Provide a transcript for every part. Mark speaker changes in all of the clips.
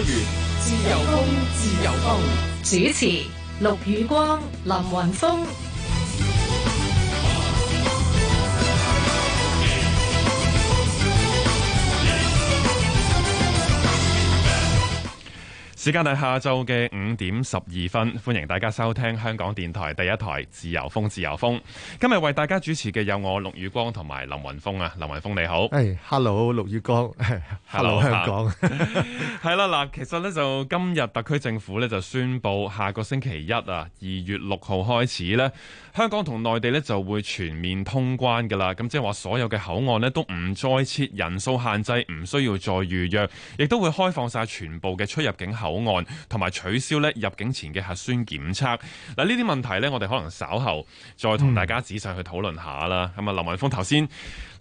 Speaker 1: 自由風，自由風。
Speaker 2: 主持：陸宇光、林雲峰。
Speaker 3: 時間係下晝嘅五點十二分，歡迎大家收聽香港電台第一台自由風自由風。今日為大家主持嘅有我陸宇光同埋林雲峰啊，林雲峰你好。
Speaker 2: Hey，Hello，陸宇光，Hello，Hello，香港。
Speaker 3: 係啦，嗱，其實呢，就今日特區政府呢就宣布，下個星期一啊，二月六號開始呢，香港同內地呢就會全面通關噶啦。咁即係話所有嘅口岸呢都唔再設人數限制，唔需要再預約，亦都會開放晒全部嘅出入境口。口岸同埋取消咧入境前嘅核酸檢測。嗱呢啲問題呢，我哋可能稍後再同大家仔細去討論一下啦。咁、嗯、啊，林文峰頭先。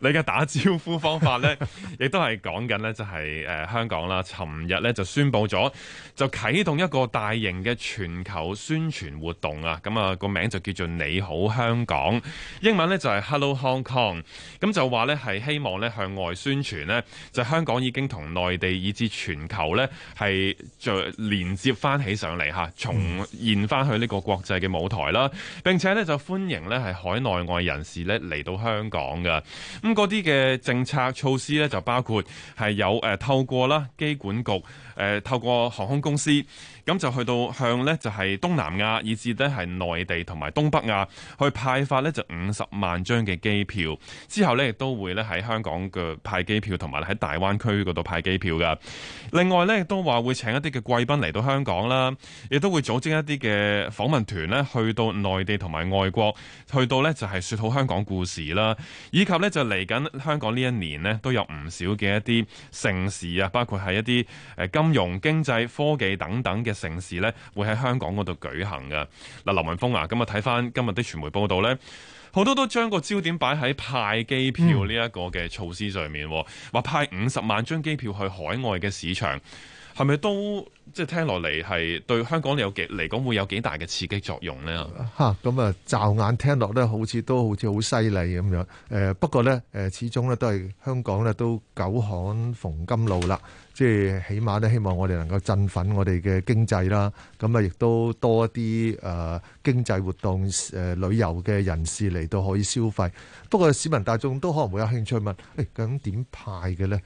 Speaker 3: 你嘅打招呼方法呢，亦都係講緊呢，就係誒香港啦。尋日呢，就宣布咗，就啟動一個大型嘅全球宣傳活動啊！咁、那、啊個名就叫做你好香港，英文呢，就係 Hello Hong Kong。咁就話呢，係希望呢向外宣傳呢，就香港已經同內地以至全球呢，係就連接翻起上嚟吓重現翻去呢個國際嘅舞台啦。並且呢就歡迎呢，係海內外人士呢嚟到香港嘅。嗰啲嘅政策措施咧，就包括係有誒透過啦機管局，誒透過航空公司。咁就去到向咧，就係東南亞，以至咧係內地同埋東北亞去派發咧，就五十萬張嘅機票。之後咧，亦都會咧喺香港嘅派機票，同埋喺大灣區嗰度派機票噶。另外咧，亦都話會請一啲嘅貴賓嚟到香港啦，亦都會組織一啲嘅訪問團咧，去到內地同埋外國，去到咧就係說好香港故事啦。以及咧就嚟緊香港呢一年咧，都有唔少嘅一啲盛事啊，包括係一啲誒金融、經濟、科技等等嘅。城市咧，會喺香港嗰度舉行嘅。嗱，劉文峰啊，咁今日睇翻今日啲傳媒報道咧，好多都將個焦點擺喺派機票呢一個嘅措施上面，話派五十萬張機票去海外嘅市場，係咪都？即係聽落嚟係對香港有幾嚟講會有幾大嘅刺激作用咧？
Speaker 2: 嚇咁啊！驟眼聽落咧，好似都好似好犀利咁樣。不過咧，誒始終咧都係香港咧都久旱逢甘露啦。即係起碼咧，希望我哋能夠振奮我哋嘅經濟啦。咁啊，亦都多一啲誒經濟活動、呃、旅遊嘅人士嚟到可以消費。不過市民大眾都可能會有興趣問：究竟點派嘅咧？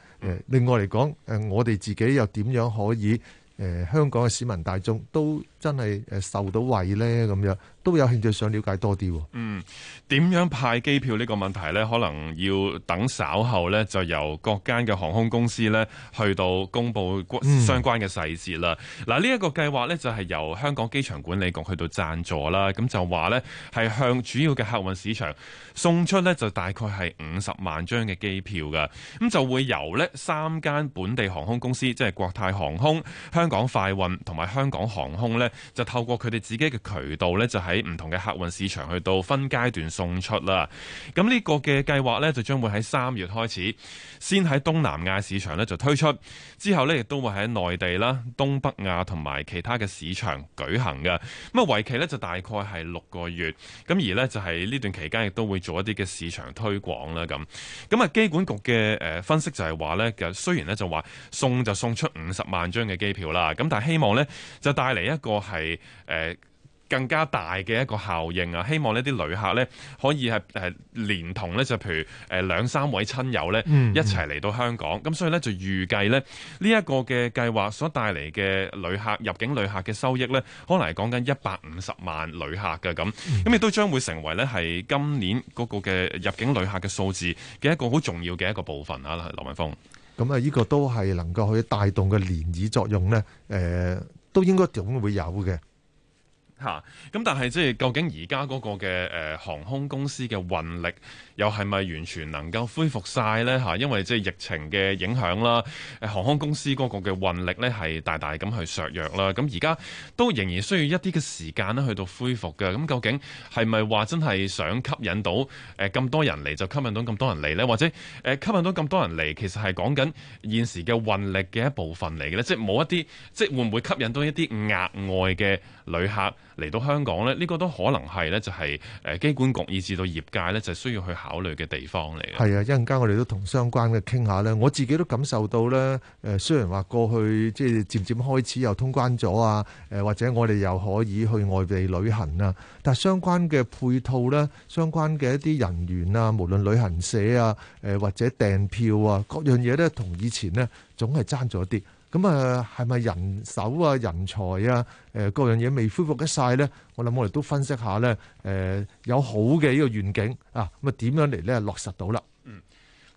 Speaker 2: 另外嚟講，我哋自己又點樣可以？呃、香港嘅市民大眾都真係受到惠咧咁樣。都有興趣想了解多啲。嗯，
Speaker 3: 點樣派機票呢個問題呢？可能要等稍後呢，就由各間嘅航空公司呢去到公布相關嘅細節啦。嗱，嗯，呢一個計劃呢，就係由香港機場管理局去到贊助啦。咁就話呢，係向主要嘅客運市場送出呢，就大概係五十萬張嘅機票噶。咁就會由呢三間本地航空公司，即係國泰航空、香港快運同埋香港航空呢，就透過佢哋自己嘅渠道呢，就係。喺唔同嘅客運市場去到分階段送出啦。咁呢個嘅計劃呢，就將會喺三月開始，先喺東南亞市場呢就推出，之後呢亦都會喺內地啦、東北亞同埋其他嘅市場舉行嘅。咁啊，為期呢就大概係六個月。咁而呢就喺呢段期間，亦都會做一啲嘅市場推廣啦。咁咁啊，機管局嘅誒分析就係話呢，其實雖然呢就話送就送出五十萬張嘅機票啦，咁但係希望呢就帶嚟一個係誒。更加大嘅一個效應啊！希望呢啲旅客呢可以係誒連同呢，就譬如誒兩三位親友呢一齊嚟到香港，咁、嗯、所以呢，就預計呢呢一個嘅計劃所帶嚟嘅旅客入境旅客嘅收益呢，可能係講緊一百五十萬旅客嘅咁，咁亦都將會成為呢係今年嗰個嘅入境旅客嘅數字嘅一個好重要嘅一個部分啊！劉文峰，
Speaker 2: 咁啊，呢個都係能夠去帶動嘅漣漪作用呢，誒、呃，都應該總會有嘅。
Speaker 3: 吓、嗯，咁但係即係究竟而家嗰個嘅誒、呃、航空公司嘅運力？又係咪完全能夠恢復晒呢嚇？因為即係疫情嘅影響啦，航空公司嗰個嘅運力呢係大大咁去削弱啦。咁而家都仍然需要一啲嘅時間呢，去到恢復嘅。咁究竟係咪話真係想吸引到誒咁多人嚟，就吸引到咁多人嚟呢？或者誒吸引到咁多人嚟，其實係講緊現時嘅運力嘅一部分嚟嘅呢？即係冇一啲，即係會唔會吸引到一啲額外嘅旅客？嚟到香港咧，呢、這個都可能係咧，就係誒機管局以至到業界咧，就是、需要去考慮嘅地方嚟
Speaker 2: 嘅。係啊，一陣間我哋都同相關嘅傾下咧，我自己都感受到咧，誒雖然話過去即係漸漸開始又通關咗啊，誒或者我哋又可以去外地旅行啊，但係相關嘅配套咧，相關嘅一啲人員啊，無論旅行社啊，誒或者訂票啊，各樣嘢咧，同以前呢，總係爭咗啲。咁啊，係咪人手啊、人才啊、誒各樣嘢未恢復得晒咧？我諗我哋都分析下咧，誒、呃、有好嘅呢個願景啊，咁啊點樣嚟咧落實到啦？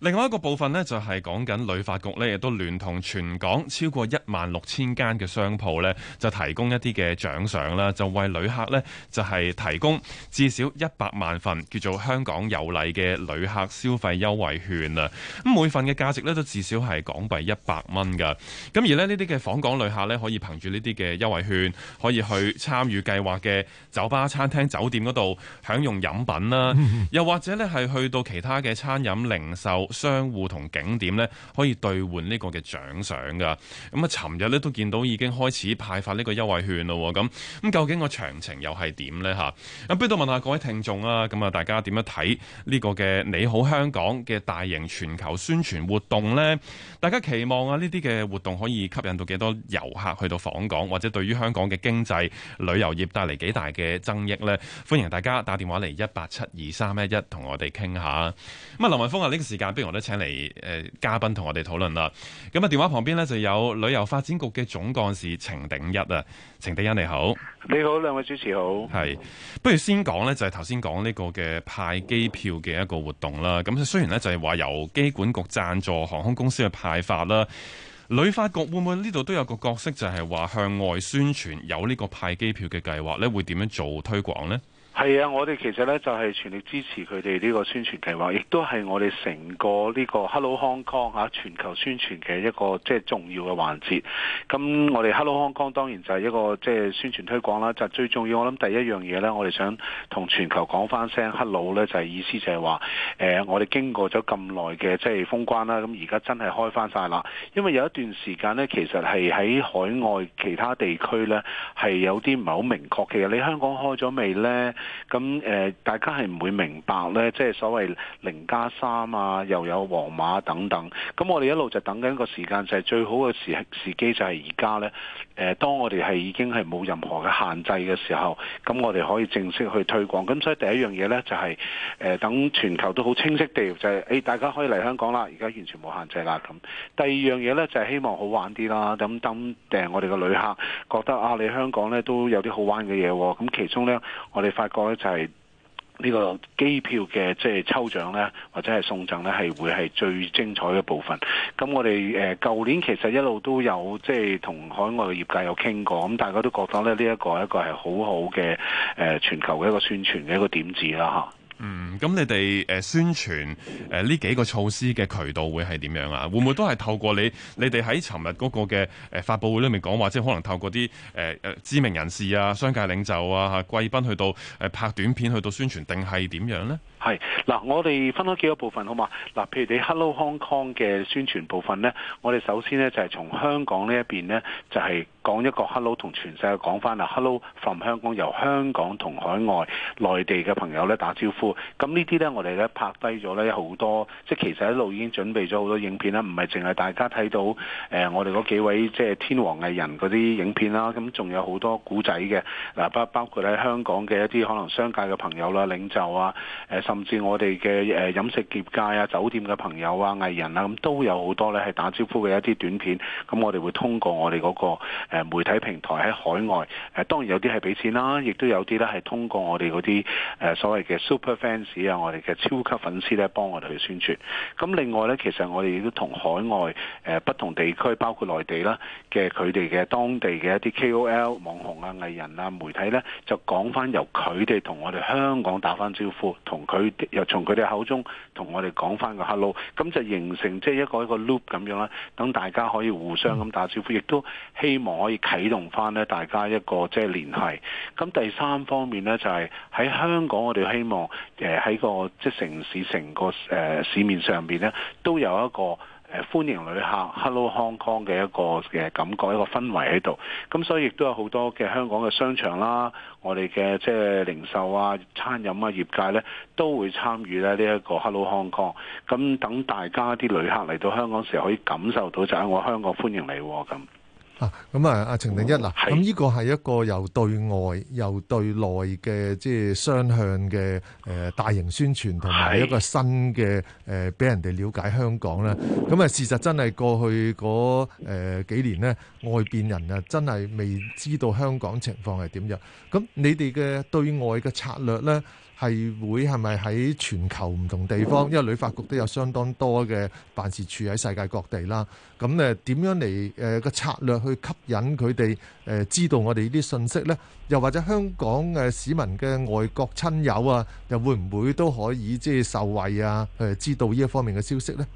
Speaker 3: 另外一個部分呢，就係講緊旅發局呢，亦都聯同全港超過一萬六千間嘅商鋪呢，就提供一啲嘅獎賞啦，就為旅客呢，就係提供至少一百萬份叫做香港有禮嘅旅客消費優惠券啊！咁每份嘅價值呢，都至少係港幣一百蚊噶。咁而呢，呢啲嘅訪港旅客呢，可以憑住呢啲嘅優惠券，可以去參與計劃嘅酒吧、餐廳、酒店嗰度享用飲品啦，又或者呢，係去到其他嘅餐飲零售。商戶同景點呢，可以兌換呢個嘅獎賞噶，咁啊，尋日咧都見到已經開始派發呢個優惠券咯。咁咁究竟個詳情又係點咧？吓，咁不如都問下各位聽眾啊。咁啊，大家點樣睇呢個嘅《你好香港》嘅大型全球宣傳活動咧？大家期望啊，呢啲嘅活動可以吸引到幾多遊客去到訪港，或者對於香港嘅經濟旅遊業帶嚟幾大嘅增益咧？歡迎大家打電話嚟一八七二三一一，同我哋傾下。咁啊，林文峰啊，呢個時間，不如我都請嚟、呃、嘉賓同我哋討論啦。咁啊，電話旁邊呢，就有旅遊發展局嘅總幹事程鼎一啊，程鼎一你好，你好，兩位主持好，係。不如先講呢，就係頭先講呢個嘅派機票嘅一個活動啦。咁雖然呢，就係話由機管局贊助航空公司嘅派發啦，旅發局會唔會呢度都有個角色，就係話向外宣傳有呢個派機票嘅計劃呢？會點樣做推廣呢？
Speaker 4: 係啊，我哋其實咧就係全力支持佢哋呢個宣傳計劃，亦都係我哋成個呢個 Hello Hong Kong 全球宣傳嘅一個即係重要嘅環節。咁我哋 Hello Hong Kong 當然就係一個即係宣傳推廣啦，就最重要。我諗第一樣嘢咧，我哋想同全球講翻聲，Hello 咧，就係意思就係話，誒，我哋經過咗咁耐嘅即係封關啦，咁而家真係開翻曬啦。因為有一段時間咧，其實係喺海外其他地區咧係有啲唔係好明確。其實你香港開咗未咧？咁誒、呃，大家係唔會明白呢，即、就、係、是、所謂零加三啊，又有皇馬等等。咁我哋一路就等緊個時間就係、是、最好嘅時時機就係而家呢。誒、呃，當我哋係已經係冇任何嘅限制嘅時候，咁我哋可以正式去推廣，咁所以第一樣嘢呢，就係、是呃、等全球都好清晰地就係、是、誒、哎、大家可以嚟香港啦，而家完全冇限制啦。咁第二樣嘢呢，就係、是、希望好玩啲啦，咁等我哋嘅旅客覺得啊，你香港呢都有啲好玩嘅嘢、哦。咁其中呢，我哋發個咧就係、就是、呢個機票嘅即係抽獎咧，或者係送贈咧，係會係最精彩嘅部分。咁我哋誒舊年其實一路都有即係同海外嘅業界有傾過，咁大家都覺得咧呢、這個、是一個一個係好好嘅誒全球嘅一個宣傳嘅一個點子啦吓。
Speaker 3: 嗯，咁你哋宣傳呢幾個措施嘅渠道會係點樣啊？會唔會都係透過你你哋喺尋日嗰個嘅誒發佈會裏面講話，即可能透過啲、呃、知名人士啊、商界領袖啊、貴賓去到拍短片去到宣傳，定係點樣呢？
Speaker 4: 係，嗱我哋分開幾個部分好嘛？嗱，譬如你 Hello Hong Kong 嘅宣傳部分呢，我哋首先呢就係、是、從香港呢一邊呢，就係、是、講一個 Hello 同全世界講翻啦，Hello from 香港，由香港同海外內地嘅朋友呢打招呼。咁呢啲呢，我哋呢拍低咗呢好多，即係其實一路已經準備咗好多影片啦，唔係淨係大家睇到誒、呃、我哋嗰幾位即係天王藝人嗰啲影片啦，咁仲有好多古仔嘅嗱，包包括喺香港嘅一啲可能商界嘅朋友啦、領袖啊，誒、呃。甚至我哋嘅誒飲食業界啊、酒店嘅朋友啊、藝人啊，咁都有好多咧，係打招呼嘅一啲短片。咁我哋會通過我哋嗰個誒媒體平台喺海外誒，當然有啲係俾錢啦，亦都有啲咧係通過我哋嗰啲誒所謂嘅 super fans 啊，我哋嘅超級粉絲咧幫我哋去宣傳，咁另外咧，其實我哋亦都同海外誒不同地區，包括內地啦嘅佢哋嘅當地嘅一啲 KOL 網紅啊、藝人啊、媒體咧，就講翻由佢哋同我哋香港打翻招呼，同佢。佢又從佢哋口中同我哋講翻個 Hello，咁就形成即係一個一個 loop 咁樣啦。等大家可以互相咁打招呼，亦都希望可以啟動翻呢大家一個即係聯繫。咁第三方面呢，就係、是、喺香港，我哋希望誒喺個即係、就是、城市成個誒、呃、市面上邊呢，都有一個，歡迎旅客，Hello Hong Kong 嘅一個嘅感覺，一個氛圍喺度。咁所以亦都有好多嘅香港嘅商場啦，我哋嘅即係零售啊、餐飲啊業界呢都會參與咧呢一個 Hello Hong Kong。咁等大家啲旅客嚟到香港時，可以感受到就係我香港歡迎你喎、啊、咁。
Speaker 2: 啊，咁啊，阿程定一嗱、啊，咁呢個係一個又對外又對內嘅即係雙向嘅、呃、大型宣傳，同埋一個新嘅誒俾人哋了解香港咧。咁啊，事實真係過去嗰幾、呃、幾年咧，外邊人啊真係未知道香港情況係點樣。咁你哋嘅對外嘅策略咧？係會係咪喺全球唔同地方？因為旅發局都有相當多嘅辦事處喺世界各地啦。咁誒點樣嚟個策略去吸引佢哋知道我哋呢啲信息呢？又或者香港嘅市民嘅外國親友啊，又會唔會都可以即係受惠啊？知道呢一方面嘅消息呢？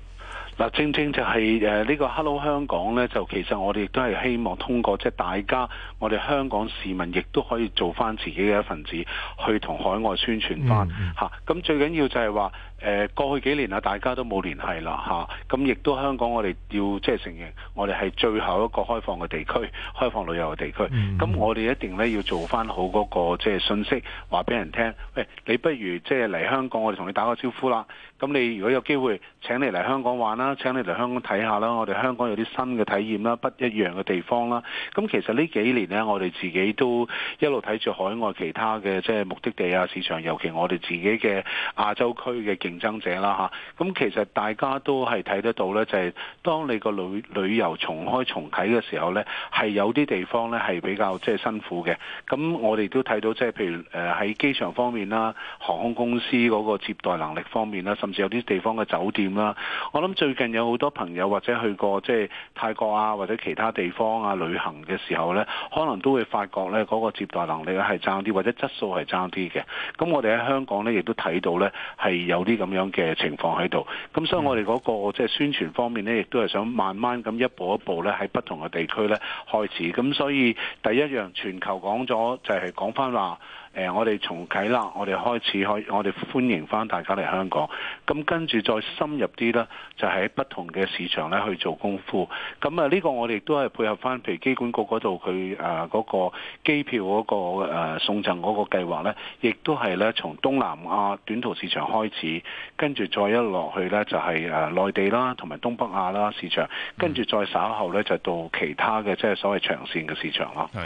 Speaker 4: 正正就係誒呢個 Hello 香港咧，就其實我哋亦都係希望通過即係、就是、大家，我哋香港市民亦都可以做翻自己嘅一份子，去同海外宣傳翻吓。咁、嗯啊、最緊要就係話。誒過去幾年啊，大家都冇聯繫啦吓，咁亦都香港我哋要即係承認，我哋係最後一個開放嘅地區，開放旅遊嘅地區。咁我哋一定咧要做翻好嗰個即係信息，話俾人聽。喂，你不如即係嚟香港，我哋同你打個招呼啦。咁你如果有機會請，請你嚟香港玩啦，請你嚟香港睇下啦。我哋香港有啲新嘅體驗啦，不一樣嘅地方啦。咁其實呢幾年呢，我哋自己都一路睇住海外其他嘅即係目的地啊，市場，尤其我哋自己嘅亞洲區嘅景競爭者啦吓，咁其實大家都係睇得到咧，就係當你個旅旅遊重開重啟嘅時候咧，係有啲地方咧係比較即係辛苦嘅。咁我哋都睇到即係譬如誒喺機場方面啦，航空公司嗰個接待能力方面啦，甚至有啲地方嘅酒店啦，我諗最近有好多朋友或者去過即係泰國啊，或者其他地方啊旅行嘅時候咧，可能都會發覺咧嗰個接待能力係差啲，或者質素係差啲嘅。咁我哋喺香港咧亦都睇到咧係有啲、這個。咁樣嘅情況喺度，咁所以我哋嗰個即係宣傳方面咧，亦都係想慢慢咁一步一步咧，喺不同嘅地區咧開始。咁所以第一樣全球講咗就係講翻話。誒、呃，我哋重啟啦，我哋開始開，我哋歡迎翻大家嚟香港。咁跟住再深入啲啦，就喺、是、不同嘅市場呢去做功夫。咁啊，呢個我哋都係配合翻，譬如機管局嗰度佢誒嗰個機票嗰、那個、呃、送贈嗰個計劃呢，亦都係呢從東南亞短途市場開始，跟住再一落去呢，就係、是、誒內地啦，同埋東北亞啦市場，跟住再稍後呢，就到其他嘅即係所謂長線嘅市場咯、嗯。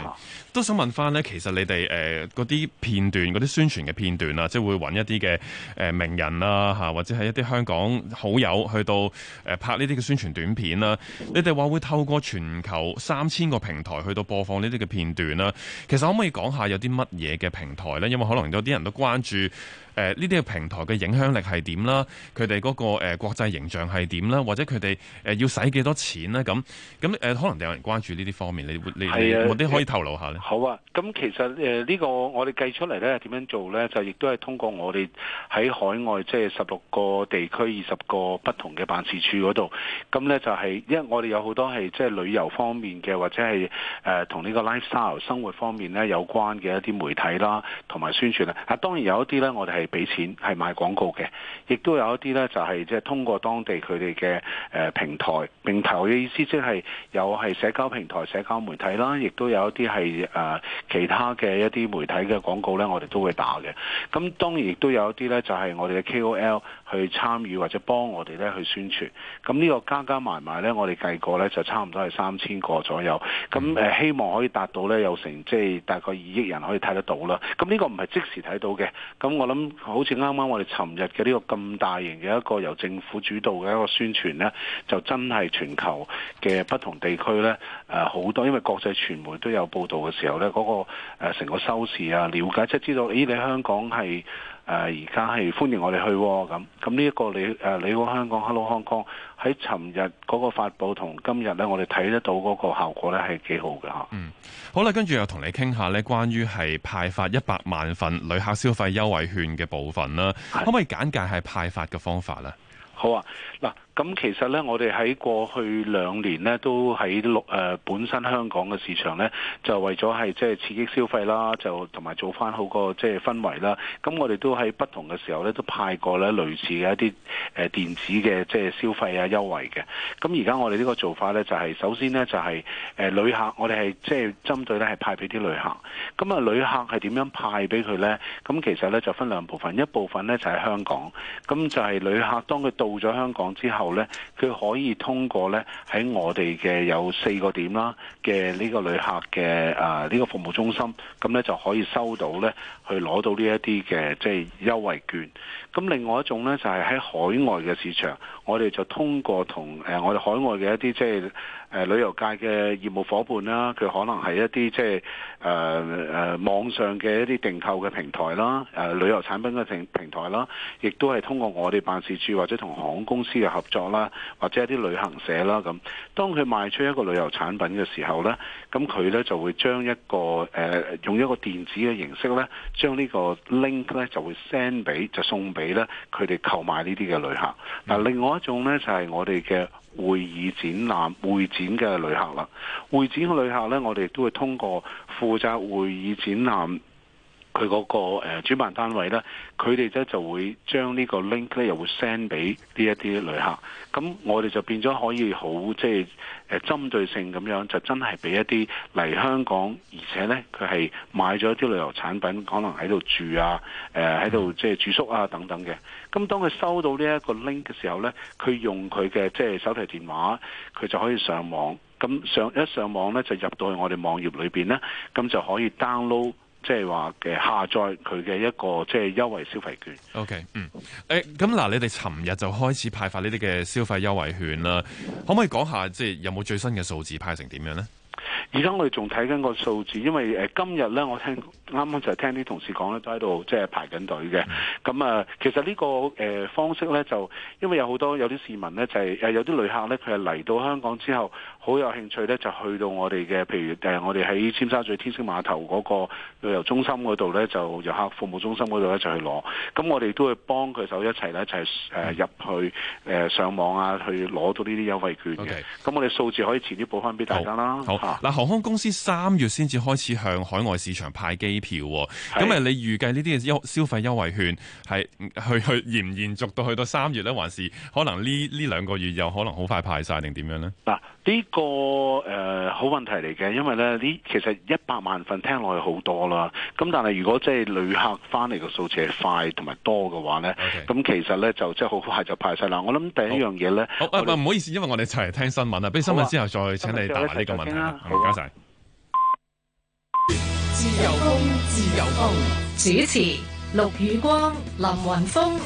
Speaker 3: 都想問翻呢，其實你哋誒嗰啲。呃片段嗰啲宣傳嘅片段啊，即係會揾一啲嘅誒名人啊，嚇或者係一啲香港好友去到誒拍呢啲嘅宣傳短片啦、啊。你哋話會透過全球三千個平台去到播放呢啲嘅片段啦、啊。其實可唔可以講下有啲乜嘢嘅平台咧？因為可能有啲人都關注。誒呢啲嘅平台嘅影響力係點啦？佢哋嗰個、呃、國際形象係點啦？或者佢哋誒要使幾多錢咧？咁咁誒可能有人關注呢啲方面，你你有冇啲可以透露下咧？
Speaker 4: 好啊，咁其實誒呢個我哋計出嚟咧點樣做咧，就亦都係通過我哋喺海外即係十六個地區二十個不同嘅辦事處嗰度，咁咧就係、是、因為我哋有好多係即係旅遊方面嘅，或者係誒同呢個 lifestyle 生活方面咧有關嘅一啲媒體啦，同埋宣傳啦。啊，當然有一啲咧，我哋係。俾錢係賣廣告嘅，亦都有一啲呢，就係即係通過當地佢哋嘅誒平台。平台嘅意思即係有係社交平台、社交媒體啦，亦都有一啲係誒其他嘅一啲媒體嘅廣告呢，我哋都會打嘅。咁當然亦都有一啲呢，就係、是、我哋嘅 KOL。去參與或者幫我哋咧去宣傳，咁呢個加加埋埋咧，我哋計過咧就差唔多係三千個左右，咁、嗯、希望可以達到咧有成即係大概二億人可以睇得到啦。咁呢個唔係即時睇到嘅，咁我諗好似啱啱我哋尋日嘅呢個咁大型嘅一個由政府主導嘅一個宣傳咧，就真係全球嘅不同地區咧誒好多，因為國際傳媒都有報道嘅時候咧，嗰、那個成、呃、個收視啊、了解即係知道，咦、哎、你香港係。誒而家係歡迎我哋去咁，咁呢一個你誒、呃、你好香港 Hello Hong Kong 喺尋日嗰個發布同今日咧，我哋睇得到嗰個效果咧係幾好噶嚇。嗯，
Speaker 3: 好啦，跟住又同你傾下咧，關於係派發一百萬份旅客消費優惠券嘅部分啦，可唔可以簡介係派發嘅方法咧？
Speaker 4: 好啊，嗱。咁其實呢，我哋喺過去兩年呢，都喺六、呃、本身香港嘅市場呢，就為咗係即係刺激消費啦，就同埋做翻好個即係氛圍啦。咁我哋都喺不同嘅時候呢，都派過呢類似嘅一啲誒電子嘅即係消費啊優惠嘅。咁而家我哋呢個做法呢，就係、是、首先呢，就係、是、誒旅客，我哋係即係針對呢，係派俾啲旅客。咁啊旅客係點樣派俾佢呢？咁其實呢，就分兩部分，一部分呢，就係、是、香港，咁就係旅客當佢到咗香港之後。咧佢可以通過咧喺我哋嘅有四個點啦嘅呢個旅客嘅誒呢個服務中心，咁咧就可以收到咧去攞到呢一啲嘅即係優惠券。咁另外一種咧就係喺海外嘅市場，我哋就通過同誒我哋海外嘅一啲即係誒旅遊界嘅業務夥伴啦，佢可能係一啲即係誒誒網上嘅一啲訂購嘅平台啦，誒旅遊產品嘅平平台啦，亦都係通過我哋辦事處或者同航空公司嘅合作。啦，或者一啲旅行社啦咁，當佢賣出一個旅遊產品嘅時候呢，咁佢呢就會將一個誒、呃、用一個電子嘅形式呢，將呢個 link 呢就會 send 俾就送俾呢佢哋購買呢啲嘅旅客。嗱，另外一種呢，就係我哋嘅會議展覽會展嘅旅客啦。會展嘅旅客呢，客我哋都會通過負責會議展覽。佢嗰個誒主辦單位咧，佢哋咧就會將呢個 link 咧又會 send 俾呢一啲旅客，咁我哋就變咗可以好即係誒針對性咁樣，就真係俾一啲嚟香港，而且咧佢係買咗一啲旅遊產品，可能喺度住啊，誒喺度即係住宿啊等等嘅。咁當佢收到呢一個 link 嘅時候咧，佢用佢嘅即係手提電話，佢就可以上網，咁上一上網咧就入到去我哋網頁裏邊咧，咁就可以 download。即係話嘅下載佢嘅一個即係優惠消費券。
Speaker 3: OK，嗯，誒、欸，咁嗱，你哋尋日就開始派發呢啲嘅消費優惠券啦，可唔可以講下即係有冇最新嘅數字派成點樣呢？
Speaker 4: 而家我哋仲睇緊個數字，因為誒、呃、今日咧，我聽啱啱就係聽啲同事講咧，都喺度即係排緊隊嘅。咁、嗯、啊、呃，其實呢、這個誒、呃、方式咧，就因為有好多有啲市民咧，就係、是、誒有啲旅客咧，佢係嚟到香港之後。好有興趣咧，就去到我哋嘅，譬如我哋喺尖沙咀天星碼頭嗰個旅遊中心嗰度咧，就遊客服務中心嗰度咧，就去攞。咁我哋都會幫佢手一齊咧，一齊入去上網啊，去攞到呢啲優惠券嘅。咁、okay. 我哋數字可以遲啲報翻俾大家啦。好，
Speaker 3: 嗱，航空公司三月先至開始向海外市場派機票，咁啊，你預計呢啲消費優惠券係去去延唔延續到去到三月咧，還是可能呢呢兩個月又可能好快派晒定點樣咧？嗱。
Speaker 4: 呢、這個誒、呃、好問題嚟嘅，因為咧呢其實一百萬份聽落去好多啦，咁但係如果即係旅客翻嚟嘅數字係快同埋多嘅話咧，咁、okay. 其實咧就即係好快就派晒啦。我諗第一樣嘢咧，好啊
Speaker 3: 唔好意思，因為我哋一齊嚟聽新聞啦，俾新聞之後再請你答呢個問題聽聽。好唔該
Speaker 4: 曬。
Speaker 2: 自由風，自由風，主持陸雨光、林雲峰。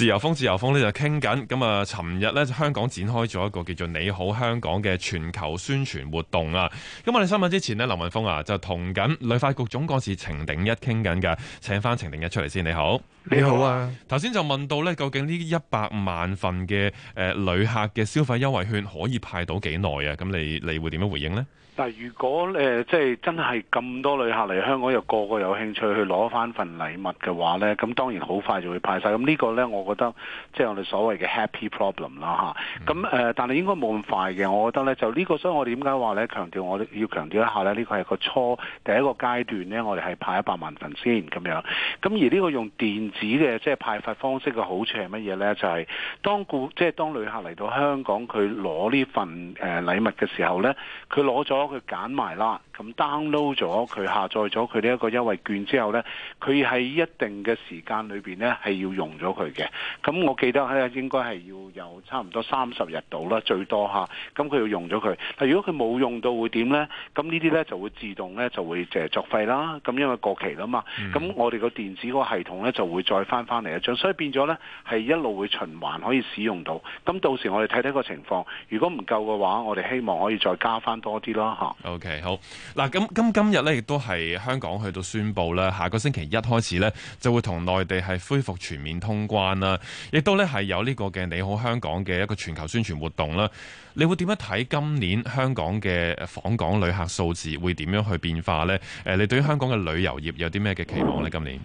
Speaker 3: 自由風，自由風呢就傾緊。咁啊，尋日咧香港展開咗一個叫做《你好香港》嘅全球宣傳活動啊。咁我哋新聞之前呢，劉文峰啊就同緊旅發局總幹事程鼎一傾緊㗎。請翻程鼎一出嚟先。你好，你好啊。頭先就問到咧，究竟呢一百萬份嘅誒旅客嘅消費優惠券可以派到幾耐啊？咁你你會點樣回應呢？
Speaker 4: 嗱，如果誒即係真係咁多旅客嚟香港，又個個有興趣去攞翻份禮物嘅話呢，咁當然好快就會派晒。咁呢個呢，我覺得即係我哋所謂嘅 Happy Problem 啦吓，咁誒、呃，但係應該冇咁快嘅。我覺得呢，就呢、呢個，所以我點解話呢？強調我要強調一下呢，呢、呢個係個初第一個階段呢，我哋係派一百萬份先咁樣。咁而呢個用電子嘅即係派發方式嘅好處係乜嘢呢？就係、係、當顧即係當旅客嚟到香港，佢攞呢份誒、呃、禮物嘅時候呢，佢攞咗。佢揀埋啦。咁 download 咗佢下載咗佢呢一個優惠券之後呢，佢喺一定嘅時間裏邊呢係要用咗佢嘅。咁我記得呢應該係要有差唔多三十日到啦，最多吓。咁佢要用咗佢，如果佢冇用到會點呢？咁呢啲呢就會自動呢就會即係作廢啦。咁因為過期啦嘛。咁我哋個電子個系統呢就會再翻翻嚟一張，所以變咗呢係一路會循環可以使用到。咁到時我哋睇睇個情況，如果唔夠嘅話，我哋希望可以再加翻多啲啦吓。
Speaker 3: OK，好。嗱咁今日咧，亦都係香港去到宣布啦，下個星期一開始咧，就會同內地係恢復全面通關啦。亦都咧係有呢個嘅你好香港嘅一個全球宣傳活動啦。你會點樣睇今年香港嘅訪港旅客數字會點樣去變化呢？誒，你對於香港嘅旅遊業有啲咩嘅期望呢？今年？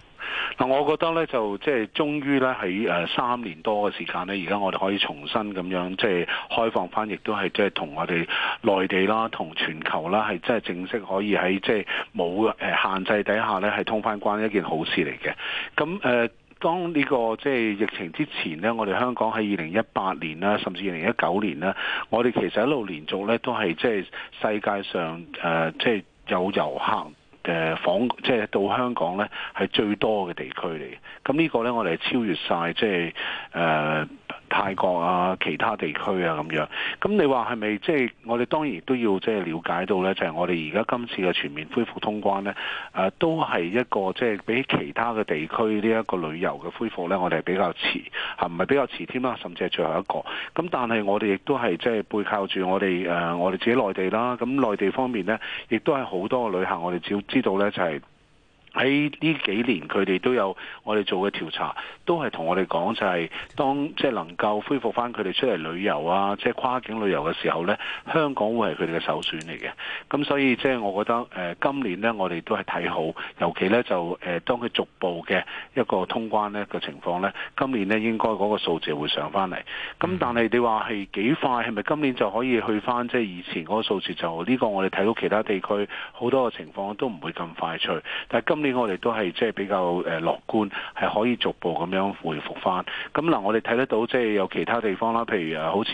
Speaker 4: 嗱，我覺得咧就即係、就是、終於咧喺誒三年多嘅時間呢，而家我哋可以重新咁樣即係、就是、開放翻，亦都係即係同我哋內地啦，同全球啦，係即係正式可以喺即係冇誒限制底下咧，係通翻關一件好事嚟嘅。咁誒、呃，當呢個、這個即係、就是、疫情之前呢，我哋香港喺二零一八年啦，甚至二零一九年啦，我哋其實一路連續咧都係即係世界上誒即係有遊客。誒、呃、訪即係到香港咧，係最多嘅地區嚟嘅。咁呢個咧，我哋係超越晒，即係誒。呃泰國啊，其他地區啊咁樣，咁你話係咪即係我哋當然都要即係了解到呢，就係、是、我哋而家今次嘅全面恢復通關呢，呃、都係一個即係、就是、比其他嘅地區呢一個旅遊嘅恢復呢，我哋係比較遲，係唔係比較遲添啦？甚至係最後一個。咁但係我哋亦都係即係背靠住我哋、呃、我哋自己內地啦。咁內地方面呢，亦都係好多嘅旅客，我哋只要知道呢，就係、是。喺呢幾年佢哋都有我哋做嘅調查，都係同我哋講就係、是、當即係、就是、能夠恢復翻佢哋出嚟旅遊啊，即、就、係、是、跨境旅遊嘅時候呢，香港會係佢哋嘅首選嚟嘅。咁所以即係、就是、我覺得誒、呃、今年呢，我哋都係睇好，尤其呢就誒、呃、當佢逐步嘅一個通關呢個情況呢，今年呢應該嗰個數字會上翻嚟。咁但係你話係幾快，係咪今年就可以去翻即係以前嗰個數字就呢、這個？我哋睇到其他地區好多嘅情況都唔會咁快脆，但係今我哋都係即係比較誒樂觀，係可以逐步咁樣回復翻。咁嗱，我哋睇得到即係有其他地方啦，譬如啊，好似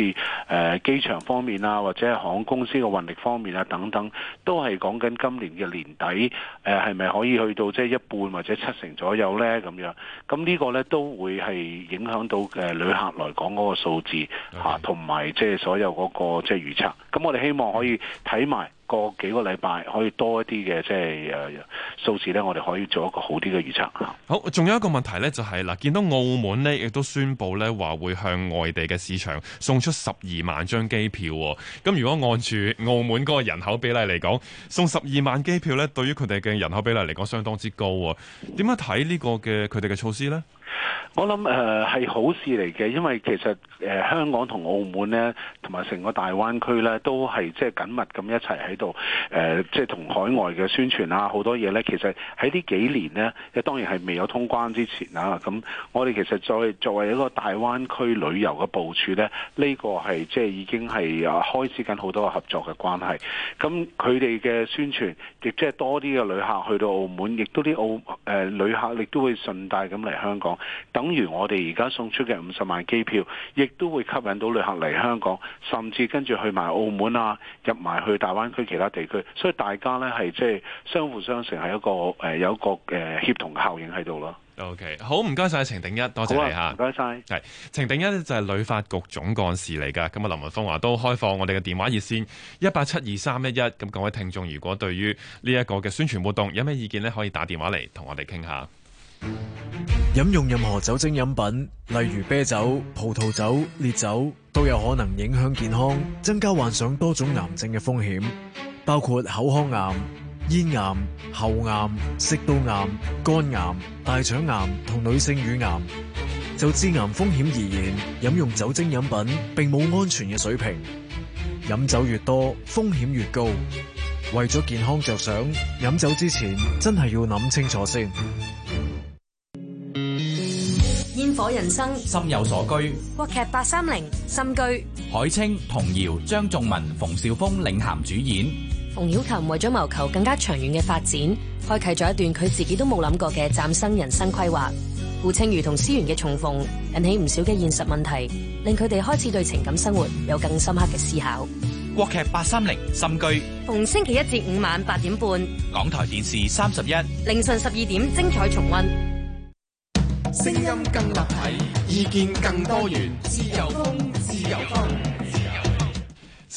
Speaker 4: 誒機場方面啊，或者航空公司嘅運力方面啊等等，都係講緊今年嘅年底誒，係咪可以去到即係一半或者七成左右咧咁樣？咁呢個咧都會係影響到嘅旅客來講嗰個數字吓，同埋即係所有嗰個即係預測。咁我哋希望可以睇埋。過幾個禮拜可以多一啲嘅，即係誒數字咧，我哋可以做一個好啲嘅預測。
Speaker 3: 好，仲有一個問題呢，就是，就係啦，見到澳門呢亦都宣布呢話會向外地嘅市場送出十二萬張機票。咁如果按住澳門嗰個人口比例嚟講，送十二萬機票咧，對於佢哋嘅人口比例嚟講相當之高。點樣睇呢個嘅佢哋嘅措施呢？
Speaker 4: 我諗誒係好事嚟嘅，因為其實誒、呃、香港同澳門呢，同埋成個大灣區呢，都係即係緊密咁一齊喺度誒，即係同海外嘅宣傳啊，好多嘢呢，其實喺呢幾年呢，當然係未有通關之前啦、啊、咁我哋其實再作,作為一個大灣區旅遊嘅部署呢，呢、呢個係即係已經係開始緊好多合作嘅關係。咁佢哋嘅宣傳亦即係多啲嘅旅客去到澳門，亦都啲澳誒、呃、旅客亦都會順帶咁嚟香港。等於我哋而家送出嘅五十萬機票，亦都會吸引到旅客嚟香港，甚至跟住去埋澳門啊，入埋去大灣區其他地區，所以大家呢，係即係相輔相成，係一個誒、呃、有一個誒協同效應喺度咯。OK，
Speaker 3: 好唔該晒程鼎一，多謝你啊，唔該晒。係程鼎一就係旅發局總幹事嚟噶。咁啊，林文峰話都開放我哋嘅電話熱線一八七二三一一。咁各位聽眾，如果對於呢一個嘅宣傳活動有咩意見呢，可以打電話嚟同我
Speaker 2: 哋傾下。飲用任何酒精飲品，例如啤酒、葡萄酒、烈酒，都有可能影響健康，增加患上多種癌症嘅風險，包括口腔癌、咽癌、癌、喉癌、食道癌、肝癌、大腸癌同女性乳癌。就致癌風險而言，飲用酒精飲品並冇安全嘅水平，飲酒越多，風險越高。為咗健康着想，飲酒之前真係要諗清楚先。我人生心有所居，國劇八三零新居，
Speaker 1: 海清、童瑤、張仲文、馮紹峰領銜主
Speaker 5: 演。
Speaker 2: 馮曉琴為咗謀求更加長遠嘅發展，開啟咗一段佢自己都冇諗過嘅嶄新人生規劃。顧清如同思源嘅重逢，引起唔少嘅現實問題，令佢哋開始對情感生活有更深刻嘅思考。
Speaker 1: 國劇八三零新居，
Speaker 2: 逢星期一至五晚八點半，
Speaker 1: 港台電視三十一，
Speaker 2: 凌晨十二點精彩重溫。
Speaker 3: 聲音更立體，意見更多元，
Speaker 2: 自由風，自由風。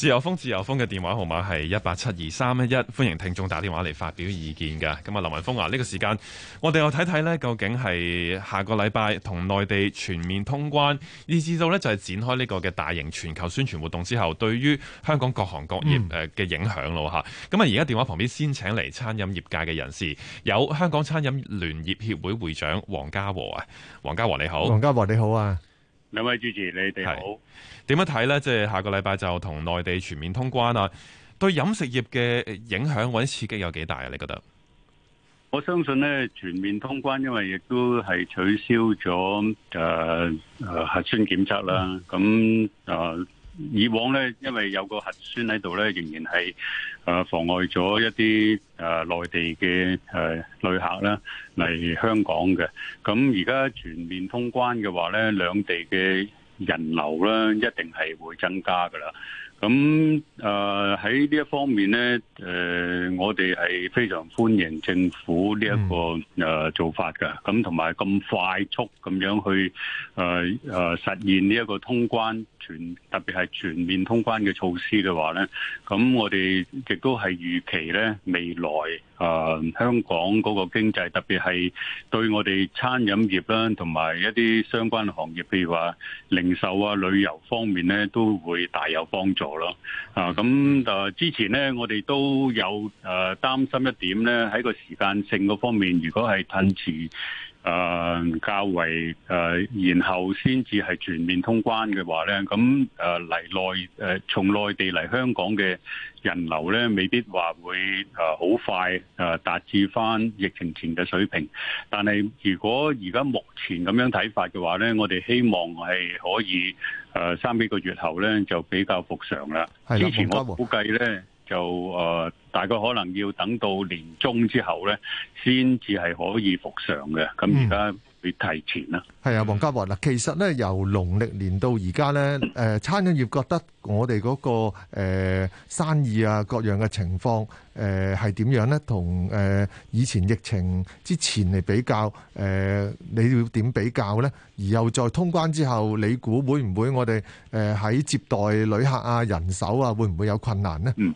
Speaker 3: 自由風自由風嘅電話號碼係一八七二三一一，歡迎聽眾打電話嚟發表意見噶。咁啊，林文峰啊，呢、這個時間我哋又睇睇呢，究竟係下個禮拜同內地全面通關，以至到呢，就係展開呢個嘅大型全球宣傳活動之後，對於香港各行各業誒嘅影響咯吓。咁、嗯、啊，而家電話旁邊先請嚟餐飲業界嘅人士，有香港餐飲聯業協會會長黃家和啊，黃家和你好，黃
Speaker 2: 家和你好啊。
Speaker 3: 兩位主持，你哋好。點樣睇咧？即係下個禮拜就同內地全面通關啦，對飲食業嘅影響，或者刺激有幾大啊？你覺得？
Speaker 5: 我相信咧，全面通關，因為亦都係取消咗誒誒核酸檢測啦。咁、嗯、誒。以往呢，因為有個核酸喺度呢，仍然係誒妨礙咗一啲誒內地嘅誒旅客啦，嚟香港嘅。咁而家全面通關嘅話呢，兩地嘅人流呢，一定係會增加噶啦。咁啊喺呢一方面咧，誒、呃，我哋係非常歡迎政府呢一個誒做法噶，咁同埋咁快速咁樣去誒誒、呃呃、實現呢一個通關全，特別係全面通關嘅措施嘅話咧，咁我哋亦都係預期咧未來。啊！香港嗰個經濟特別係對我哋餐飲業啦，同埋一啲相關行業，譬如話零售啊、旅遊方面咧，都會大有幫助咯。啊！咁就、啊、之前咧，我哋都有誒、啊、擔心一點咧，喺個時間性嗰方面，如果係褪遲，誒、啊，較為誒、啊，然後先至係全面通關嘅話咧，咁誒嚟內誒、啊，從內地嚟香港嘅人流咧，未必話會誒好快誒達、啊、至翻疫情前嘅水平。但係如果而家目前咁樣睇法嘅話咧，我哋希望係可以誒三幾個月後咧就比較復常啦。之前我估計咧。就誒，大概可能要等到年中之後咧，先至係可以復常嘅。咁而家會提前啦。
Speaker 2: 係啊，黃家和嗱，其實咧由農曆年到而家咧，誒餐飲業覺得我哋嗰個誒生意啊各樣嘅情況誒係點樣咧？同誒以前疫情之前嚟比較誒，你要點比較咧？而又再通關之後，你估會唔會我哋誒喺接待旅客啊、人手啊，會唔會有困難咧？嗯。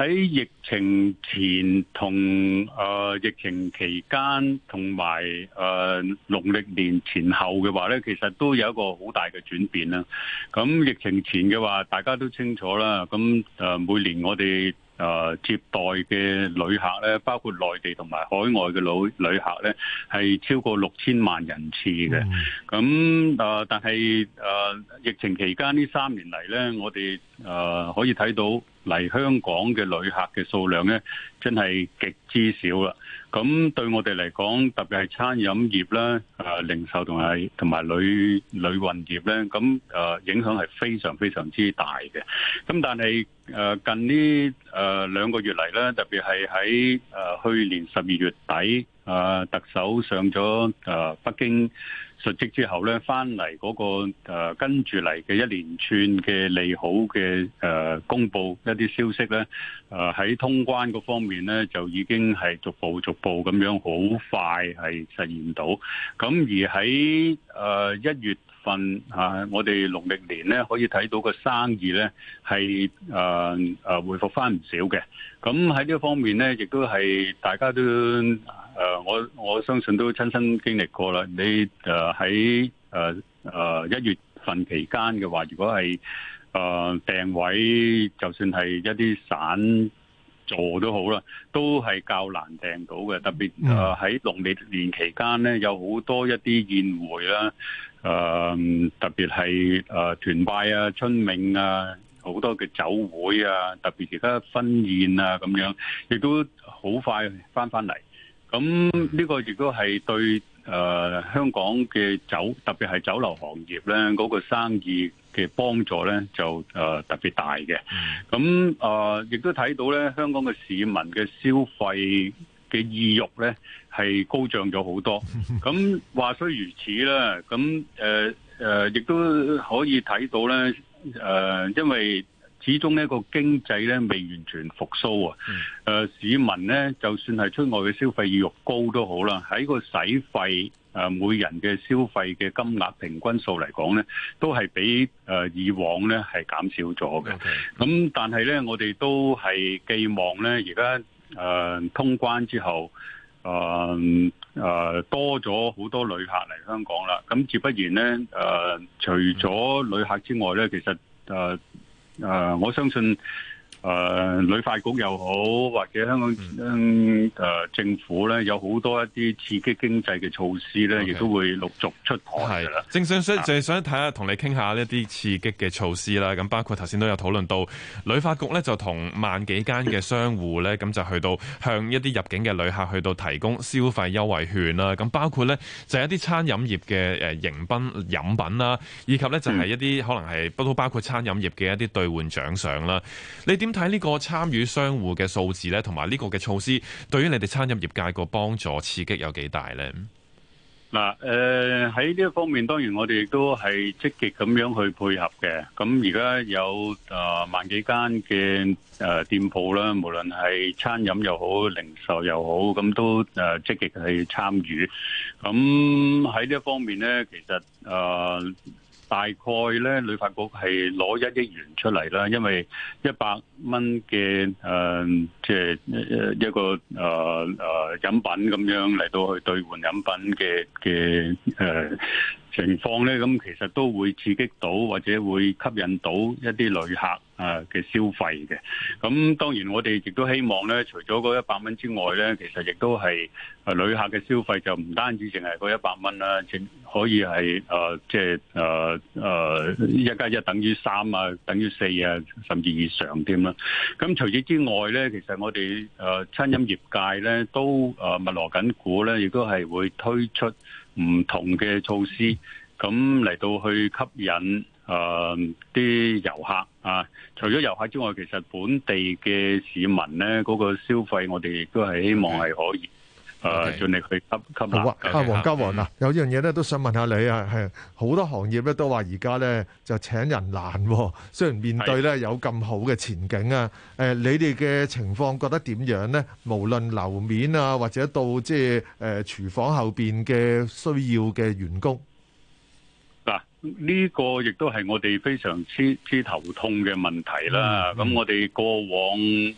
Speaker 5: 喺疫情前同、呃、疫情期間同埋、呃、農曆年前後嘅話咧，其實都有一個好大嘅轉變啦。咁、嗯、疫情前嘅話，大家都清楚啦。咁、嗯、每年我哋、呃、接待嘅旅客咧，包括內地同埋海外嘅旅旅客咧，係超過六千萬人次嘅。咁、嗯嗯、但係、呃、疫情期間呢三年嚟咧，我哋、呃、可以睇到。嚟香港嘅旅客嘅數量呢，真係極之少啦。咁對我哋嚟講，特別係餐飲業啦、誒，零售同埋同埋旅旅運業呢，咁誒影響係非常非常之大嘅。咁但係誒近呢誒兩個月嚟呢，特別係喺誒去年十二月底，啊特首上咗誒北京。述職之後咧，翻嚟嗰個、呃、跟住嚟嘅一連串嘅利好嘅誒、呃、公佈一啲消息咧，誒、呃、喺通關嗰方面咧就已經係逐步逐步咁樣好快係實現到，咁而喺誒一月份、啊、我哋農曆年咧可以睇到個生意咧係誒誒回復翻唔少嘅，咁喺呢一方面咧亦都係大家都。誒，我我相信都親身經歷過啦。你誒喺誒誒一月份期間嘅話，如果係誒訂位，就算係一啲散座都好啦，都係較難訂到嘅。特別誒喺農曆年期間咧，有好多一啲宴會啦，誒特別係誒團拜啊、春茗啊，好多嘅酒會啊，特別而家婚宴啊咁樣，亦都好快翻翻嚟。咁呢個亦都係對誒香港嘅酒，特別係酒樓行業咧，嗰個生意嘅幫助咧就誒特別大嘅。咁誒亦都睇到咧，香港嘅市民嘅消費嘅意欲咧係高漲咗好多。咁話雖如此啦，咁誒誒亦都可以睇到咧，誒因為。始終呢個經濟呢未完全復甦啊，誒、嗯呃、市民呢就算係出外嘅消費意欲高都好啦，喺個使費誒每人嘅消費嘅金額平均數嚟講呢，都係比誒、呃、以往呢係減少咗嘅。咁、okay。嗯、但係呢，我哋都係寄望呢而家誒通關之後誒誒、呃呃、多咗好多旅客嚟香港啦。咁自不然呢，誒、呃、除咗旅客之外呢，其實誒、呃呃，我相信。誒旅發局又好，或者香港、嗯呃、政府咧，有好多一啲刺激經濟嘅措施咧，亦、okay. 都會陸續出台嘅啦。正想想就係
Speaker 3: 想睇下同你傾下呢一啲刺激嘅措施啦。咁包括頭先都有討論到旅發局咧，就同萬幾間嘅商戶咧，咁就去到向一啲入境嘅旅客去到提供消費優惠券啦。咁包括咧就係一啲餐飲業嘅誒迎賓飲品啦，以及咧就係、是、一啲、嗯、可能係都包括餐飲業嘅一啲兌換獎賞啦。呢啲睇呢個參與商戶嘅數字咧，同埋呢個嘅措施，對於你哋餐飲業界個幫助刺激有幾大咧？嗱、
Speaker 5: 呃，誒喺呢一方面，當然我哋亦都係積極咁樣去配合嘅。咁而家有誒、呃、萬幾間嘅誒店鋪啦，無論係餐飲又好，零售又好，咁都誒積極去參與。咁喺呢一方面咧，其實誒。呃大概咧，旅發局係攞一億元出嚟啦，因為一百蚊嘅誒，即係一一個誒誒、呃呃、飲品咁樣嚟到去兌換飲品嘅嘅誒。情況咧，咁其實都會刺激到，或者會吸引到一啲旅客啊嘅消費嘅。咁當然我哋亦都希望咧，除咗嗰一百蚊之外咧，其實亦都係旅客嘅消費就唔單止淨係嗰一百蚊啦，淨可以係誒、呃、即係誒誒一加一等於三啊，等於四啊，甚至以上添啦。咁除此之外咧，其實我哋誒、呃、餐飲業界咧都誒密、呃、鑼緊鼓咧，亦都係會推出。唔同嘅措施，咁嚟到去吸引誒啲遊客啊，除咗遊客之外，其實本地嘅市民咧，嗰個消費我哋亦都係希望係可以。誒，叫你去
Speaker 2: 吸吸下。好啊，阿黃家和嗱，有樣嘢咧都想問下你啊，係好多行業咧都話而家咧就請人難，雖然面對咧有咁好嘅前景啊。誒，你哋嘅情況覺得點樣咧？無論樓面啊，或者到即係誒廚房後邊嘅需要嘅員工嗱，呢
Speaker 5: 個亦都係我哋非常之之頭痛嘅問題啦。咁我哋過往誒。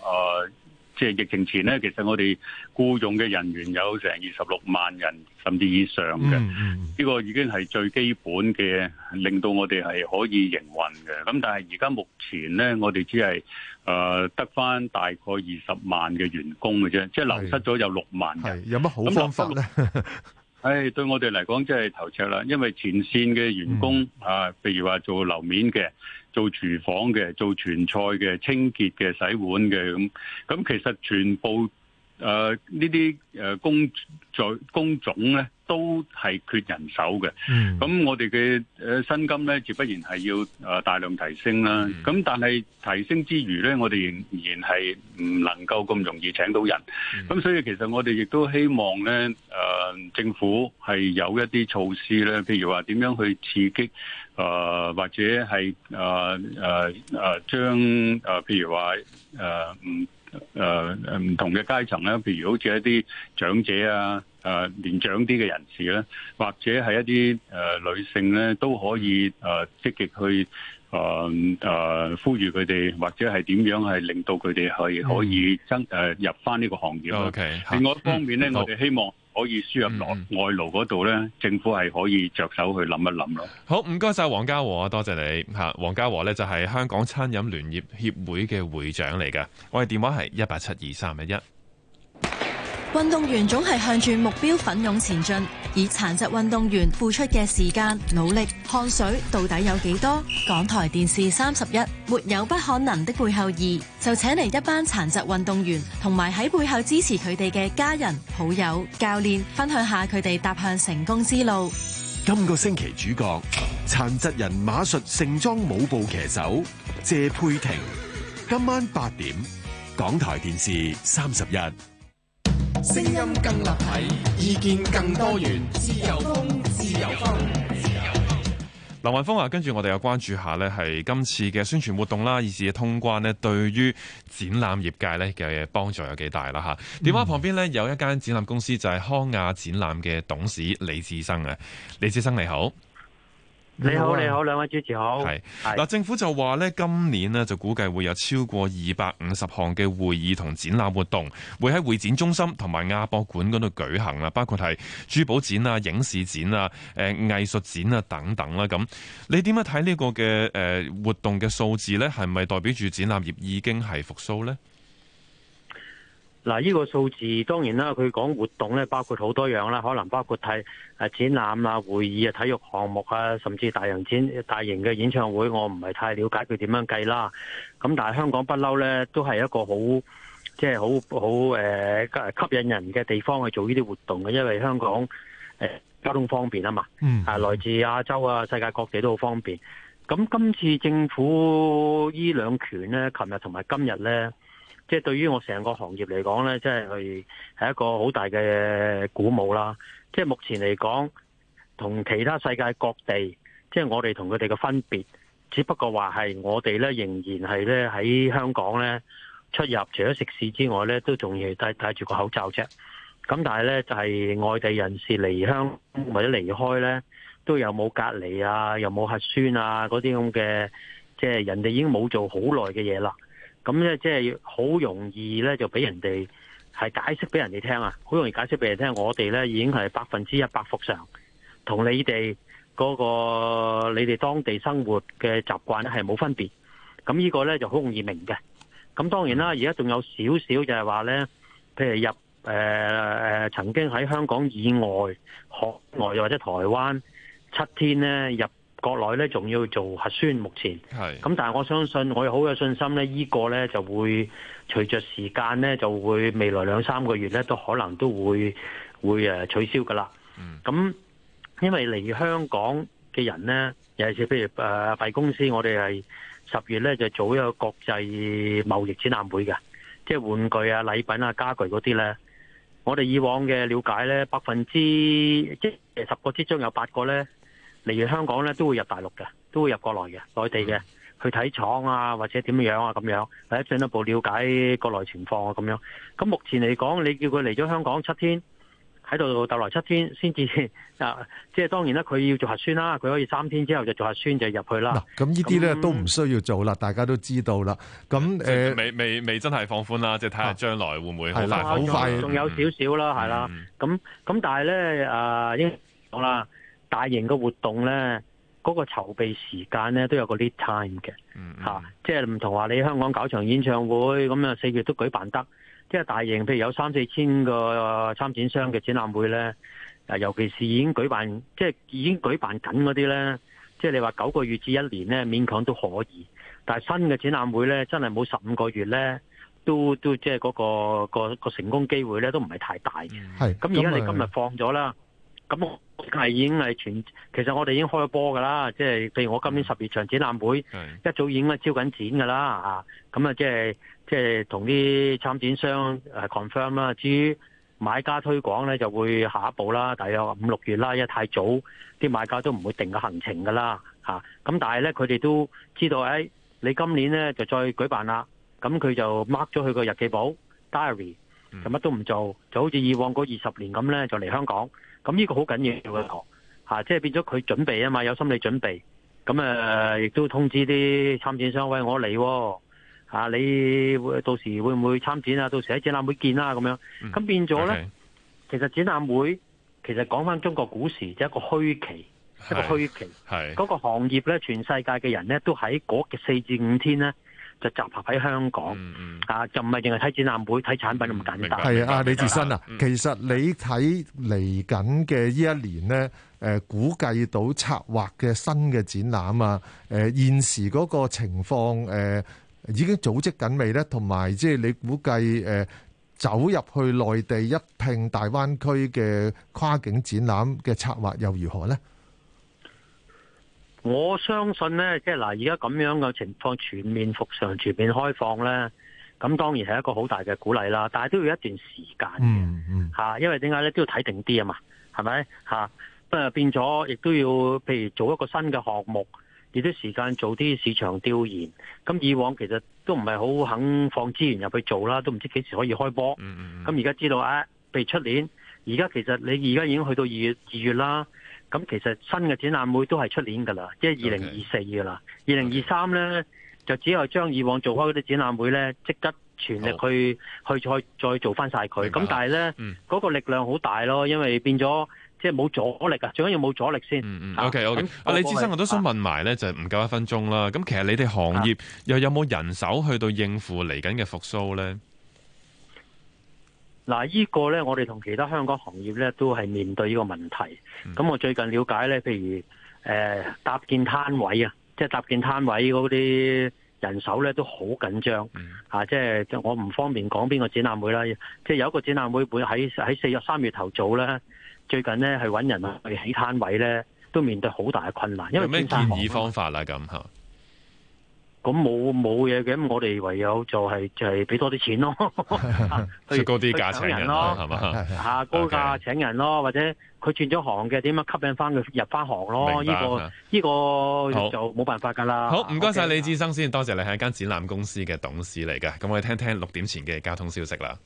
Speaker 5: 即係疫情前咧，其實我哋僱用嘅人員有成二十六萬人甚至以上嘅，呢、嗯這個已經係最基本嘅，令到我哋係可以營運嘅。咁但係而家目前咧，我哋只係誒得翻大概二十萬嘅員工嘅啫，即係、就是、流失咗有六萬
Speaker 2: 人。有乜好方法咧？
Speaker 5: 誒、哎，對我哋嚟講，即係頭赤啦，因為前線嘅員工、嗯、啊，譬如話做樓面嘅。做廚房嘅，做傳菜嘅，清潔嘅，洗碗嘅咁，咁其實全部。誒呢啲誒工在工種咧，都係缺人手嘅。咁、mm-hmm. 我哋嘅誒薪金咧，自不然係要誒大量提升啦。咁、mm-hmm. 但係提升之餘咧，我哋仍然係唔能夠咁容易請到人。咁、mm-hmm. 所以其實我哋亦都希望咧，誒、呃、政府係有一啲措施咧，譬如話點樣去刺激，誒、呃、或者係誒誒誒將、呃、譬如話唔。呃誒、呃、唔同嘅階層咧，譬如好似一啲長者啊，誒、呃、年長啲嘅人士咧，或者係一啲誒、呃呃、女性咧，都可以誒積極去誒誒、呃呃、呼籲佢哋，或者係點樣係令到佢哋係可以增誒、呃、入返呢個行業啦。Okay. 另外一方面咧、嗯，我哋希望。可以輸入內外勞嗰度咧，政府係可以着手去諗一諗咯。好，唔該晒，黃家
Speaker 3: 和，多謝你。黃家和咧就係、是、香港餐飲聯業協會嘅會長嚟㗎。我哋電話係一八七二三一一。
Speaker 2: 運動員總係向住目標奮勇前進，以殘疾運動員付出嘅時間、努力、汗水到底有幾多？港台電視三十一，沒有不可能的背後二，就請嚟一班殘疾運動員同埋喺背後支持佢哋嘅家人、好友、教練，分享下佢哋踏向成功之路。今個星期主角殘疾人馬術盛裝舞步騎手謝佩婷，今晚八點，
Speaker 3: 港台電視三十一。聲音更立體，意
Speaker 5: 見更多元，自由風，自由風，自
Speaker 3: 由風。林雲峰啊，跟住我哋又關注下呢，係今次嘅宣傳活動啦，以至通關呢，對於展覽業界呢嘅幫助有幾大啦吓？電話、嗯、旁邊呢，有一間展覽公司，就係、是、康亞展覽嘅董事李志生啊，李志生，李志生你好。你好，你好，兩
Speaker 1: 位主持好。係，
Speaker 3: 嗱，政府就話咧，今年咧就估計會有超過二百五十項嘅會議同展覽活動，會喺會展中心同埋亞博館嗰度舉行啦，包括係珠寶展啊、影視展啊、誒、呃、藝術展啊等等啦。咁，你點樣睇呢個嘅誒活動嘅數字咧？係咪代表住展覽業已經係復甦咧？
Speaker 1: 嗱，呢個數字當然啦，佢講活動咧，包括好多樣啦，可能包括睇誒展覽啦、會議啊、體育項目啊，甚至大型展、大型嘅演唱會，我唔係太了解佢點樣計啦。咁但係香港不嬲咧，都係一個好即係好好誒吸引人嘅地方去做呢啲活動嘅，因為香港誒、呃、交通方便啊嘛，啊來自亞洲啊、世界各地都好方便。咁今次政府依兩權咧，琴日同埋今日咧。即係對於我成個行業嚟講呢，即係係一個好大嘅鼓舞啦。即係目前嚟講，同其他世界各地，即係我哋同佢哋嘅分別，只不過話係我哋呢，仍然係呢，喺香港呢，出入，除咗食肆之外呢，都仲要戴戴住個口罩啫。咁但係呢，就係外地人士離鄉或者離開呢，都有冇隔離啊，又冇核酸啊，嗰啲咁嘅，即係人哋已經冇做好耐嘅嘢啦。咁咧即係好容易咧就俾人哋係解釋俾人哋聽啊，好容易解釋俾人聽。我哋咧已經係百分之一百復常，同你哋嗰、那個你哋當地生活嘅習慣咧係冇分別。咁呢個咧就好容易明嘅。咁當然啦，而家仲有少少就係話咧，譬如入誒、呃、曾經喺香港以外、海外或者台灣七天咧入。國內咧仲要做核酸，目前咁，但係我相信我好有信心咧，依、這個咧就會隨著時間咧就會未來兩三個月咧都可能都會會誒取消噶啦。咁、嗯、因為嚟香港嘅人咧，尤其是譬如誒敝、呃、公司我，我哋係十月咧就做一個國際貿易展覽會嘅，即係玩具啊、禮品啊、家具嗰啲咧，我哋以往嘅了解咧，百分之即係十個之中有八個咧。例如香港咧都會入大陸嘅，都會入國內嘅，內地嘅去睇廠啊，或者點樣啊咁樣，或者進一步了解國內情況啊咁樣。咁目前嚟講，你叫佢嚟咗香港七天，喺度逗留七天先至啊。即係當然啦，佢要做核酸啦，佢可以三天之後就做核酸就入
Speaker 3: 去啦。咁呢啲咧、嗯、都唔
Speaker 2: 需要做啦，大家都知道啦。咁誒、就是呃，
Speaker 3: 未未未真係放寬啦，即係睇下將來會唔會好快好快。仲有少少啦，係啦。咁咁、嗯嗯嗯嗯嗯、但
Speaker 1: 係咧誒，應講啦。大型嘅活動呢，嗰、嗰個籌備時間呢，都有個 lead time 嘅，嚇、嗯嗯啊，即係唔同話你香港搞場演唱會咁啊四月都舉辦得，即係大型譬如有三四千個參展商嘅展覽會呢，尤其是已經舉辦即係已經舉辦緊嗰啲呢，即係你話九個月至一年呢，勉強都可以。但係新嘅展覽會呢，真係冇十五個月呢，都都即係、嗰、嗰個、嗰個嗰個成功機會呢，都唔係太大。
Speaker 4: 咁而家你今日
Speaker 1: 放咗啦，咁、嗯嗯係已經係全，其實我哋已經開咗波㗎啦。即係譬如我今年十二場展覽會，一早已經咧招緊展㗎啦。嚇，咁啊即係即係同啲參展商誒 confirm 啦。至於買家推廣咧，就會下一步啦，大概五六月啦，因為太早啲買家都唔會定個行程㗎啦。嚇，咁但係咧，佢哋都知道喺、哎、你今年咧就再舉辦啦，咁佢就 mark 咗佢個日記簿 diary。就乜都唔做，就好似以往嗰二十年咁咧，就嚟香港。咁呢個好緊要嘅堂，吓，即係變咗佢準備啊嘛，有心理準備。咁啊，亦都通知啲參展商喂，我嚟，吓，你到時會唔會參展啊？到時喺展覽會見啦，咁樣。
Speaker 3: 咁變咗咧，
Speaker 1: 其實展覽會其實講翻中國股市，就係一個虛期，一個虛期。
Speaker 5: 係嗰個
Speaker 1: 行業咧，全世界嘅人咧，都喺嗰四至五天咧。就集合喺香港啊、嗯，就唔係淨係睇展覽會睇、嗯、產品咁簡單。係、嗯、啊，李志新啊、嗯，其
Speaker 2: 實你睇嚟緊嘅呢一年呢，誒、呃、估計到策劃嘅新嘅展覽啊，誒、呃、現時個情況誒、呃、已經組織緊未咧？同埋即係你估計誒、呃、走入去內地一拼大灣區嘅跨境展覽嘅策劃又如何咧？
Speaker 1: 我相信呢，即係嗱，而家咁樣嘅情況全面復常、全面開放呢，咁當然係一個好大嘅鼓勵啦。但係都要一段時間嘅吓，因為點解呢都要睇定啲啊嘛，係咪吓？不過變咗，亦都要譬如做一個新嘅項目，亦都時間做啲市場調研。咁以往其實都唔係好肯放資源入去做啦，都唔知幾時可以開波。咁而家知道啊，譬如出年。而家其實你而家已經去到二月二月啦，咁其實新嘅展覽會都係出年㗎啦，即係二零二四㗎啦。二零二三咧就只係將以往做開嗰啲展覽會咧，即刻全力去、oh. 去再再做翻晒佢。咁但係咧嗰個力量好大咯，因為變咗即係冇阻力，阻力、嗯嗯、啊，最緊要冇阻力先。O K O K，阿李志生我都
Speaker 3: 想問埋咧、啊，就係唔夠一分鐘啦。咁其實你哋行業、啊、又有冇人手去到應付嚟緊嘅復甦咧？
Speaker 1: 嗱，呢個呢，我哋同其他香港行業呢都係面對呢個問題。咁、嗯、我最近了解呢，譬如誒搭建攤位啊，即係搭建攤位嗰啲人手呢都好緊張。啊、嗯，即係我唔方便講邊個展覽會啦。即係有一個展覽會會喺喺四月三月頭做啦。最近呢，去揾人啊去起攤位呢都面對好大嘅困難。有咩建議方法啦咁吓？咁冇冇嘢嘅，咁我哋唯有就係、是、就係、是、俾多啲錢咯，
Speaker 3: 即 對 高啲價錢咯，係嘛，下、
Speaker 1: 啊、高價請人咯，或者佢轉咗行嘅，點樣吸引翻佢入翻行咯？呢、這個呢、啊這個就冇辦法噶啦。好，唔該晒李
Speaker 3: 志生先、啊，多謝你係一間展覽公司嘅董事嚟噶，咁我哋聽聽六點前嘅交通消息啦。